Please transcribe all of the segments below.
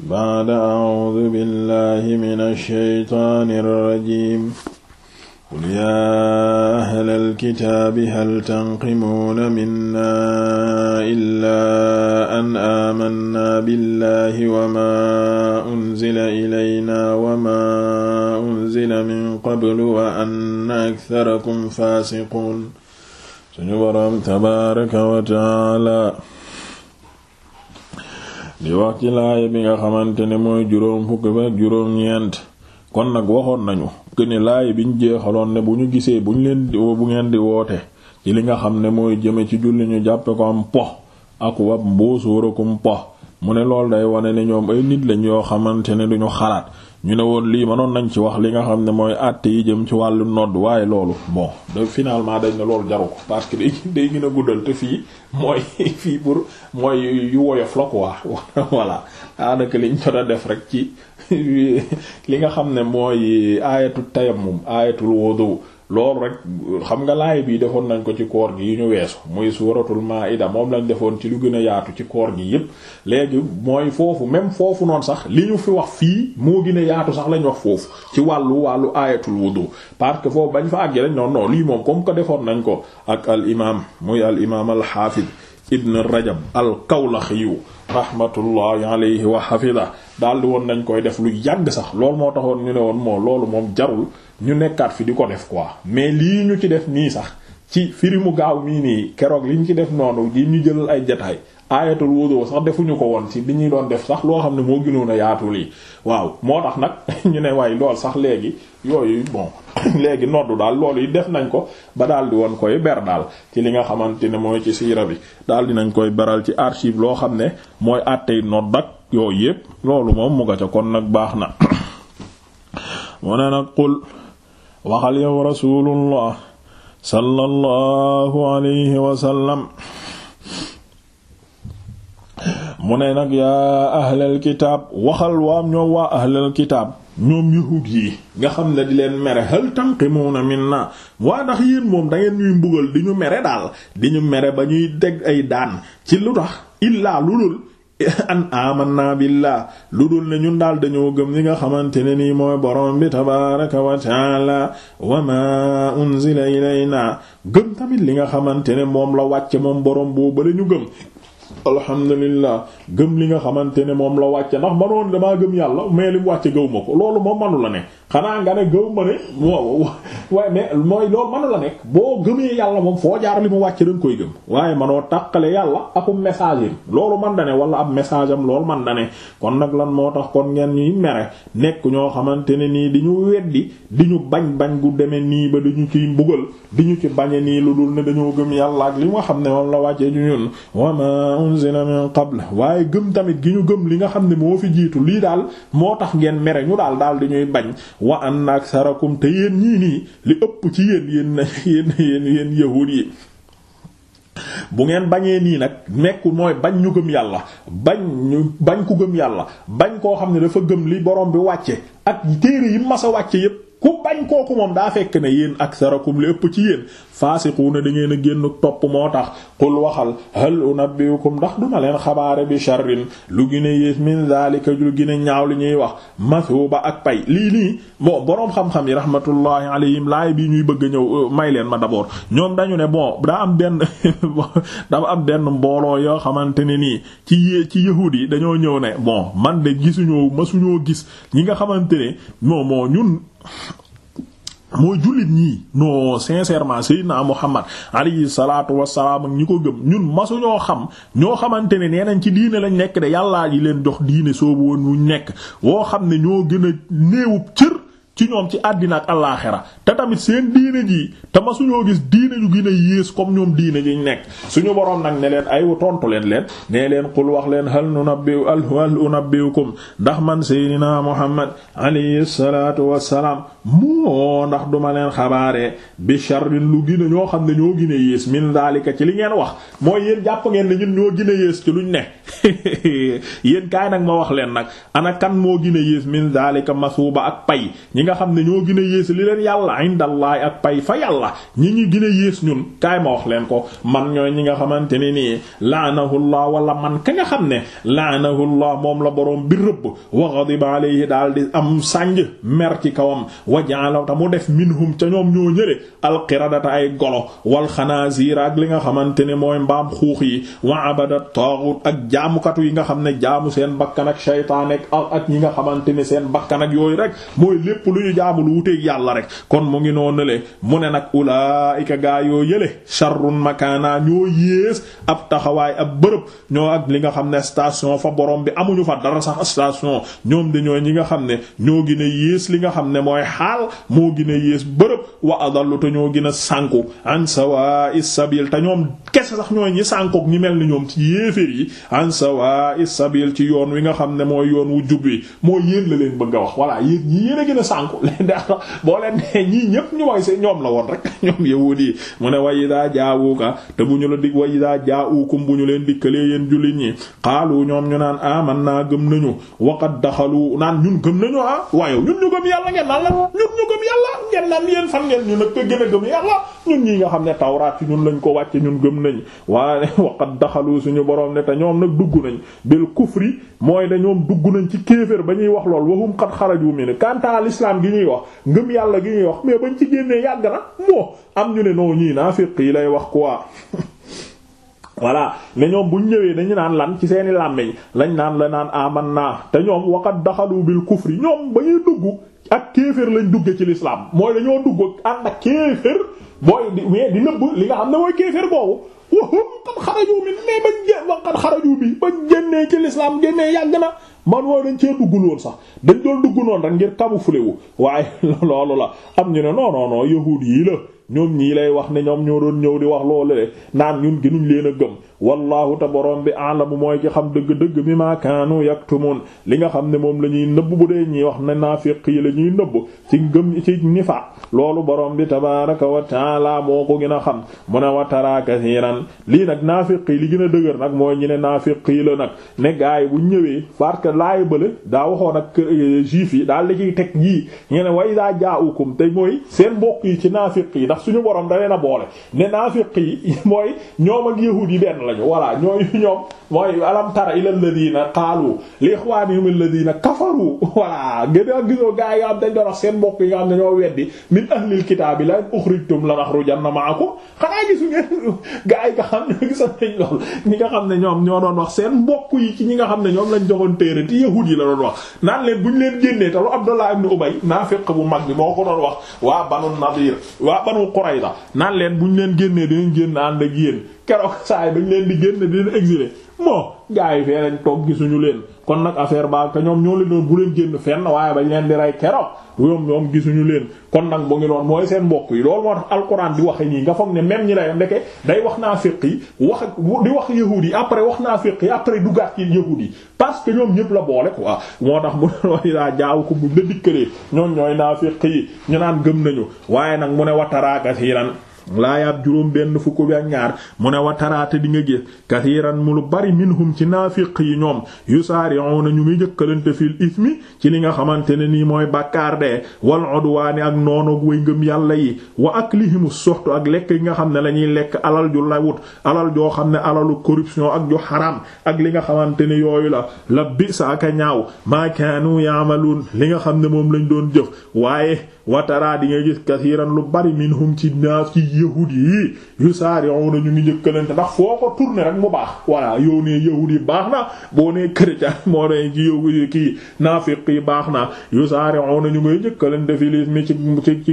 baada audu billahi min alsheytaani alrajim qul yaa ahla alkitaabi hal tanqimuuna minna illaa an aamannaa billahi wamaa unzila ilayna wamaa unzila min qablu wa anna aktharakum faasiquun suñu boroom tabaaraka wa taala di wax ci laaya bi nga xamante ne mooy juróom fukk ak juróom-ñeent kon nag waxoon nañu que ni laaya bi ñu jeexaloon ne bu ñu gisee bu ñu leen bu ngeen di woote ci li nga xam ne mooy jëme ci julli ñu jàppe ko am pox ak wab mbuus warakum pox mu ne loolu day wane ne ñoom ay nit lañ yoo xamante ne duñu xalaat ñu ne woon lii mënoon nañ ci wax li nga xam ne mooy àtte yi jëm ci wàllu nodd waaye loolu bon de finalement dañ ne loolu jaru ko parce que day day gën a guddal te fii mooy fii pour mooy yu woyof la quoi voilà daanaka liñ jot a def rek ci li nga xam ne mooy aayatul tayammum aayatul wudu loolu rek xam nga laay bii defoon nañ ko ci koor gi yu ñu weesu muy suuratul maa'ida moom lañ defoon ci lu gën a yaatu ci koor gi yépp léegi mooy foofu même foofu noonu sax li ñu fi wax fii moo gën a yaatu sax lañ wax foofu ci wàllu wàllu aayatul wudu parce que foofu bañ fa àggee lañ noonu non lii moom comme ko defoon nañ ko ak al imaam muy al imaam al xaafid ibn rajab al kawlaxiyu rahmatullahi alayhi wa hafida daal woon nañ koy def lu yàgg sax loolu moo taxoon ñu ne woon moo loolu moom jarul ñu nekkaat fi di ko def quoi mais lii ñu ci def nii sax ci firi mu gaaw mii nii keroog ñu ci def noonu ji ñu jëlal ay jataay aayatul wudu sax defuñu ko woon ci bi ñuy doon def sax loo xam ne moo gënoon a yaatu lii waaw moo tax nag ñu ne waaye lool sax léegi yooyu bon léegi noddu daal loolu yi def nañ ko ba daal di woon koy ber daal ci li nga xamante ne mooy ci siira bi daal di nañ koy beral ci archive loo xam ne mooy àttey nodd ak yooyu yépp loolu moom mu nga ca kon nag baax na mu ne nag qul waxal yow rasulullah sallallahu alayhi wa mu ne nag yaa ahlal kitaab waxal waam ñoom waa ahlal kitaab ñoom yahuud yi nga xam ne di leen mere hal na minna waa ndax yéen moom da ñuy mbugal di ñu mere daal di ñu mere ba ñuy deg ay daan ci lu tax illaa lu dul an amanna billah lu dul ne ñun daal dañoo gëm li nga xamante ne nii mooy borom bi tabaraka wa taala wa ma unzila ilayna gëm tamit li nga xamante ne moom la wàcce moom borom boo bale ñu gëm alhamdulillah gëm li nga xamante ne moom la wàcce ndax manoon damaa gëm yàlla mais li mu wàcce gëw ma ko loolu moom manu la ne xanaa nga ne gëw ma ne waaw waaye mais mooy loolu manu la boo gëmee yàlla moom foo jaar li mu wàcce koy gëm waaye manoo tàqale yàlla akum message yim loolu man da ne wala ab message am loolu man da ne kon nag lan moo tax kon ngeen ñuy mere nekk ñoo xamante ne nii di ñu weddi di ñu bañ bañ gu demee nii ba di ñu ci mbugal di ñu ci bañe nii lu dul ne dañoo gëm yàlla ak li nga xam ne moom la wàcce ñu ñun unzila min qabl waaye gëm tamit gi ñu gëm li nga xam ne moo fi jiitu lii daal moo tax ngeen mere ñu daal daal di ñuy bañ wa anna aksarakum te yéen ñii nii li ëpp ci yéen yéen na yéen yéen yi bu ngeen bañee nii nag nekku mooy bañ ñu gëm yàlla bañ bañ ku gëm yàlla bañ koo xam ne dafa gëm li borom bi wàcce ak téere yi masa wàcce yépp ku bañ kooku moom daa fekk ne yéen aksarakum li ëpp ci yéen faasiquuna da ngeen a génn topp moo tax qul waxal hal unabbiukum ndax duma leen xabaare bi sharrin lu gine yées min zalika lu gine ñaaw li ñuy wax masuuba ak pay lii nii bon boroom xam-xam yi rahmatullahi alayhim laay bii ñuy bëgg a ñëw euh, may leen ma d'abord ñoom dañu ne bo daa am benn dafa am benn mbooloo yoo xamante ne nii ci yé ci yahuud yi dañoo ñëw ne bon man de gisuñoo masuñoo gis ñi nga xamante ne moo mooy jullit ñi non sincèrement Seydina Muhammad alayhi salaatu wassalaam ak ñi ko gëm ñun masu ñoo xam ñoo xamante ne nee nañ ci diine lañ nekk de yàllaa yi leen jox diine soobu woon ñu nekk woo xam ne ñoo gën a néewub cër ci ñoom ci àddina ak allaaxira te tamit seen diine ji te ma suñoo gis diine ñu gën a yées comme ñoom diine ji ñu nekk suñu boroom nag ne leen tontu leen leen nee leen qul wax leen hal nunabbi hal unabbiukum ndax man seydinaa muhammad alayhi salaatu salaam moo ndax du ma leen xabaare bi sharrin lu gina ñoo xam ne ñoo gina yées min daalika ci li ngeen wax mooy yéen jàpp ngeen ne ñun ñoo gina yées ci luñ ne yéen kaay nag ma wax leen nag ana kan moo gina yées min daalika masuuba ak pay ñi nga xam ne ñoo gina yées li leen yàlla indallahi ak pay fa yàlla ñi ñu gina yées ñun kaay ma wax leen ko man ñooy ñi nga xamante ne nii laanahullah wala man ka nga xam ne laanahullah moom la borom bi rëbb wa ghadiba alayhi daal di am sànj mer ci kawam waja'ala ta mu def minhum ca ñoom ñoo ñële alqiradata ay golo wal xanaa xanaasiir ak li nga xamante ne mooy mbaam xuux yi wa abada taaxut ak jaamukatu yi nga xam ne jaamu seen bakkan ak shaytaan ak ñi nga xamante ne seen bakkan ak yooyu rek mooy lépp lu ñu jaamu lu wuteeg yàlla rek kon mu ngi noonu le mu ne nag ulaa'ika gaa yoo yële sharrun makaana ñoo yées ab taxawaay ab bërëb ñoo ak li nga xam ne station fa borom bi amuñu fa dara sax station ñoom de ñooy ñi nga xam ne ñoo gën a yées li nga xam ne mooy xaal moo gën yées bërëb wa adallu te ñoo gën a sànku an sawa'is sabil te ñoom kese sax ñooy ñi sànkook ñi mel ni ñoom ci yéeféer yi an sawa'is sabil ci yoon wi nga xam ne mooy yoon wu jub wi mooy yéen la leen bëgg a wax voilà yéen ñi yéen a gën a sànku leen da boo leen ne ñii ñépp ñu way se ñoom la woon rek ñoom yahuud yi mu ne wa idaa ka te bu ñu la dig wa idaa jaawukum bu ñu leen dikkalee yéen jullit ñi xaalu ñoom ñu naan aman naa gëm nañu waqad daxalu naan ñun ñun ñu gëm yàlla ngeen naan yéen fan ñu nag gën a gëm yàlla ñun ñi nga xam ne tawraat ci ñun lañ ko wàcce ñun gëm nañ waaye waqat daxalu suñu boroom ne te ñoom nag dugg nañ bil kufri mooy ne dugg nañ ci kéefër ba ñuy wax lool waxum xat xaraju mi ne kanta l'islam gi ñuy wax ngëm yàlla gi ñuy wax mais bañ ci génnee yàgg na moo am ñu ne noo ñii naafiq yi lay wax quoi voilà ne ñoom buñ ñëwee dañu naan lan ci seeni làmmeñ lañ naan la naan aman naa te ñoom waqat daxalu bil kufri ñoom ba ñuy dugg ak kéefër lañ duggee ci l'islam mooy dañoo dugg ànd ak kéefër booy di mais di li nga xam ne mooy kéefër boobu xam ci l'islam génnee yàgg na man wooy dañ cee duggul woon sax dañ doon waaye loolu la am ñu ne non non ñii lay wax ne ñoom ñoo ñëw di wax loolu le naan ñun gënuñ leen a te borom bi alamu mooy ki xam dëgg bi ma kaanu li nga xam ne moom la ñuy nëbb bu dee ñii wax ne naafiq yi la ñuy nëbb ci gëm ci nifaaq loolu borom bi tabaaraka wa moo ko gën a xam mu ne wa tara kasiiran lii nag naafiq yi li gën a dëgër nag mooy ñu ne naafiq yi la nag ne gaay bu ñëwee parce que laay bële daa waxoon ak euh, juif yi daal li ciy teg yii ñu way daa jaaukum te mooy seen mbokk yi ci naafiq yi ndax suñu borom da leen a boole ne naafiq yi mooy ñoom ak yahuud yi benn lañu voilà ñooy ñoom mooy alam tara ila alladhina qaalu li ikhwanihim alladhina kafaru voilà gën a gisoo gaay yi nga xam dañ doon wax seen nga xam ne gisoon a lool ne ñoom ñoo doon wax seen mbokk yi ci ñi xam ne ñoom lañ joxoon téere ti yahuud yi la doon wax naan leen bu ñu leen génnee te lu Abdullah ibn Ubay naafiq bu mag bi moo ko doon wax waa Banu Nadir waa Banu Qurayza naan leen bu ñu leen génnee dinañ génn ànd ak yéen keroog saay bañ leen di génn dinañ exilé moo gaa yi fee lañ toog gisuñu leen kon nag affaire ba te ñoom ñoo leen doon bu leen génn fenn waaye bañ leen di rey keroog ñoom ñoom gisuñu leen kon nag bu ngi doon mooy seen mbokk yi loolu moo tax alxuraan di waxe nii nga foog ne même ñi lay ndeke day wax naa fiq yi wax di wax yahuud yi après wax naa fiq yi après duggaat ci yahuud yi parce que ñoom ñëpp la boole quoi moo tax bu ne loolu daa jaaw ko bu la dikkalee ñoom ñooy naa fiq yi ñu naan gëm nañu waaye nag mu ne wataraakasiiran laayaab juróom benn fukk bi ak ñaar mu ne wa taraata di nga gis kathiran mu lu bari minhum ci naafiq yi ñoom yusaari'una ñu ngi jëkkalante fil ismi ci li nga xamante ne nii mooy bàkkaar de wal udwaani ak noonoog way ngëm yàlla yi wa ak aklihimu suxtu ak lekk yi nga xam ne la lekk alal ju lawut alal joo xam ne alalu corruption ak ju xaram ak li nga xamante ne yooyu la la bi sa aka ñaaw ma kaanu li nga xam ne moom lañ doon jëf waaye wataraa di ngay gis kasiiran lu bari minhum ci naaf ci yahudi yi yusaari'una ñu ngi njëkkalante ndax foo ko tourner rek mu baax waaye yow nee yahudi baax na boo nee chrétien moo ne kii naafiq yi baax na yusaari'una ñu ngay njëkkalante fil ismi ci ci ci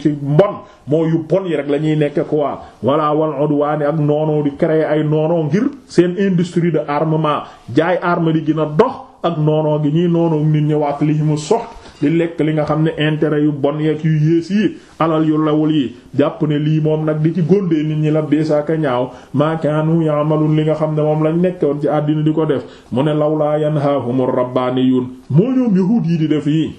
ci mbon moo yu bon yi rek la ñuy nekk quoi voilà wal udwaani ak noonoo di créer ay noonoo ngir seen industrie de armement jaay arme di gën a dox ak noonoo gi ñuy noonoo nit ñi waak li mu sox di lekk li nga xam ne intérêt yu bon yeeg yu yées yi alal yu lawul yi jàpp ne lii moom nag di ci góndee nit ñi la beesaaka ñaaw maakaanu yaamalun li nga xam ne moom lañu nekkoon ci àddina di ko def mu ne lawlaa yanhaahumur rabbaaniyuun moo ñoom yahuud yi di def yi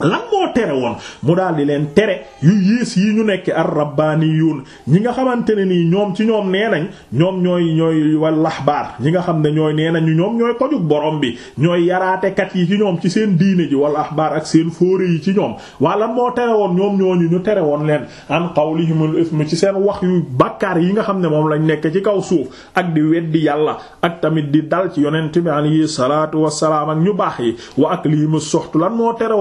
lan moo tere woon mu daal di leen tere yu yées yi ñu nekk ar rabbaaniyuun ñi nga xamante ne nii ñoom ci ñoom nee nañ ñoom ñooy ñooy wal ahbaar ñi nga xam ne ñooy nee nañ ñoom ñooy kojug boroom bi ñooy yaraatekat yi ci ñoom ci seen diine ji wal ahbaar ak seen fóore yi ci ñoom waa lan moo tere woon ñoom ñooñu ñu tere woon leen an qawlihimul ism ci seen wax yu bàkkaar yi nga xam ne moom lañ nekk ci kaw suuf ak di weddi yàlla ak tamit di dal ci yonent bi alayhi salaatu wassalaam ak wa aklihimus suht lan moo tere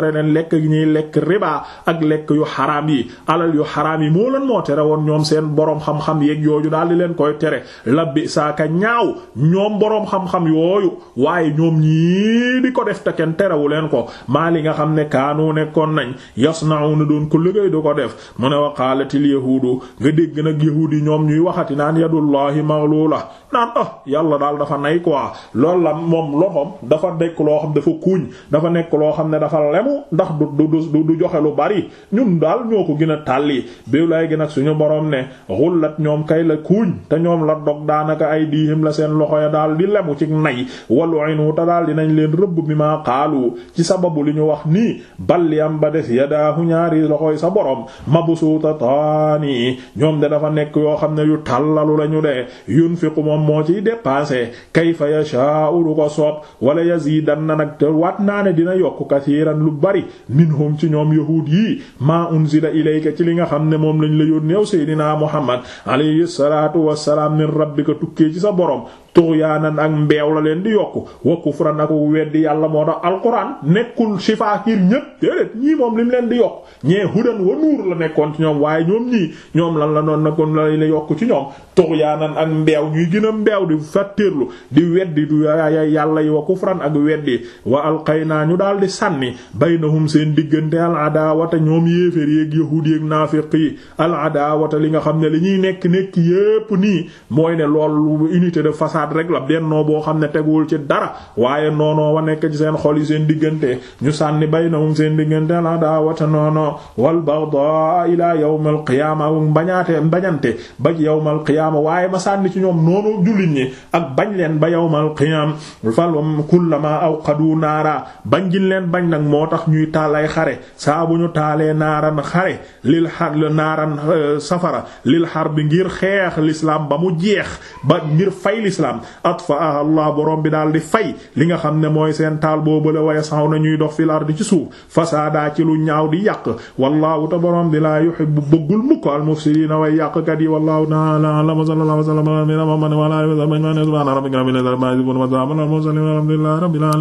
tere leen lekk gi ñuy lekk riba ak lekk yu xaraam yi alal yu xaraam yi moo leen moo tere woon ñoom seen boroom xam-xam yeeg yooyu daal di leen koy tere labbi saaka ñaaw ñoom boroom xam-xam yooyu waaye ñoom ñii di ko def te kenn terewu leen ko maa li nga xam ne kaanu nekkoon nañ yasna'una doon ko liggéey du ko def mu ne wa qaalatil yahuudu nga dégg nag yahuud yi ñoom ñuy waxati naan yadullahi maghluula naan ah yàlla daal dafa nay quoi loolu la moom loxoom dafa nekk lemu ndax du du du joxe lu bari ñun daal ñoo ko gën a tàlli biw lay gi nag suñu borom ne xullat ñoom kay la kuuñ te ñoom la dog daanaka ay diihim la seen loxo ya daal di lemu ci nay waluinu te daal dinañ leen rëbb bi maa xaalu ci sababu li ñu wax nii balli am ba des yadaahu ñaari loxoy sa boroom ma borom mabsuuta taani ñoom de dafa nekk yoo xam ne yu tàllalu lañu de yunfiqu moom moo ciy dépenser kayfa yashaa'u ko soob wala yazidanna nag te waat lu bari minhum ci ñoom yahuud yii maa unzila ilayka ci li nga xam ne moom lañ la yónnee yow seydinaa Muhammad alayhi salaatu wassalaam min rabbika tukkee ci sa borom tuxyaanan ak mbeew la leen di yokku wa kufran ak weddi yàlla moo tax alquran nekkul shifaa ngir ñépp déedéet ñii moom lim leen di yokk ñee hudan wa nuur la nekkoon ci ñoom waaye ñoom ñii ñoom lan la noon nakon la la yokk ci ñoom tuxyaanan ak mbeew ñuy gën a mbeew di fàttéerlu di weddi du yàlla yi wa kufran ak weddi wa alqaynaa ñu daal di sànni baynahum seen diggante al adaawata ñoom yéefér yéeg yahuud yéeg naafiq yi al adaawata li nga xam ne li ñuy nekk nekk yépp nii jihaad rek la bennoo boo xam ne teguwul ci dara waaye noonoo wa nekk ci seen xol yi seen diggante ñu sànni bay baynahum seen diggante la daawata noono wal bagdaa ila yawmal qiyaama bañaate bañante ba yawmal qiyaama waaye ma sànni ci ñoom noonoo jullit ak bañ leen ba yawmal qiyaam fal kullama awqadu naara bañ giñ leen bañ nag moo tax ñuy taal ay xare saa bu ñu taalee naaran xare lil xar naaran euh, safara lil xar bi ngir xeex lislaam ba mu jeex ba ngir fay l'islam lislaam atfa'aha allah borom bi daal di fay li nga xam ne mooy seen taal boobale waaye saw na ñuy dox fil ardi ci suuf fasaada ci lu ñaaw di yàq wallahu te borom bi laa yuhibbu bëggul mukk al mufsidiina way yàqkat yi wallahu ta'ala a'lam wa sallallahu wa sallama ala nabiyyina muhammadin wa ala alihi wa sahbihi ajma'in subhana rabbika rabbil izzati amma yasifun wa salamun ala al mursalin walhamdulillahi rabbil